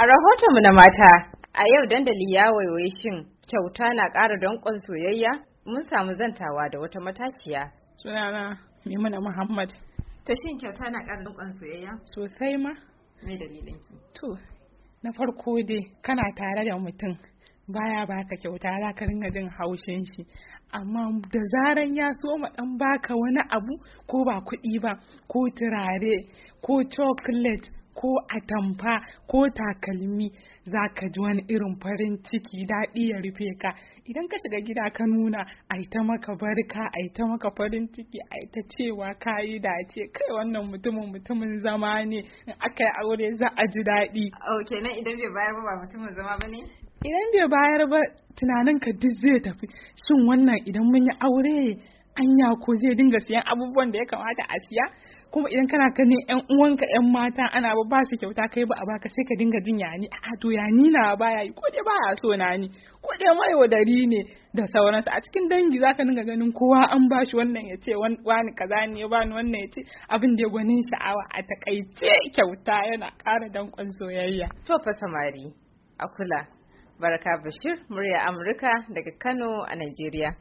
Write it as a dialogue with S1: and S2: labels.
S1: A rahotonmu na mata, a yau dandali ya waiwaye shin kyauta na ƙara danƙon soyayya? Mun samu zantawa da wata matashiya. Sunana Mimuna Muhammad. Ta shin kyauta na ƙara danƙon soyayya? Sosai ma. Me dalilinki? To,
S2: na farko dai kana tare da mutum baya baka kyauta za ka ringa jin haushin shi amma da zaran ya so ma dan baka wani abu ko ba kuɗi ba ko turare ko chocolate ko atamfa ko takalmi za ka ji wani irin farin ciki daɗi ya rufe ka idan ka shiga gida ka nuna ai ta maka barka ai ta maka farin ciki ai ta cewa ka yi dace kai wannan mutumin mutumin zama ne in aka yi aure za a ji daɗi. ok oh, nan
S1: idan bai bayar ba mutumin zama ba ne?
S2: idan bai bayar ba tunaninka duk zai tafi shin wannan idan mun yi aure hanya ko zai dinga siyan abubuwan da ya kamata a siya kuma idan kana ganin yan uwanka yan mata ana ba su kyauta kai ba a baka sai ka dinga jin yani a to yani na baya yi ko dai baya so na ni ko dai mai wadari ne da sauransu a cikin dangi zaka dinga ganin kowa an bashi wannan ya ce wani kaza ne ya bani wannan ya ce
S1: abin da ya gwanin sha'awa a takaice kyauta yana ƙara danƙon soyayya to fa samari a kula baraka bashir murya amurka daga kano a najeriya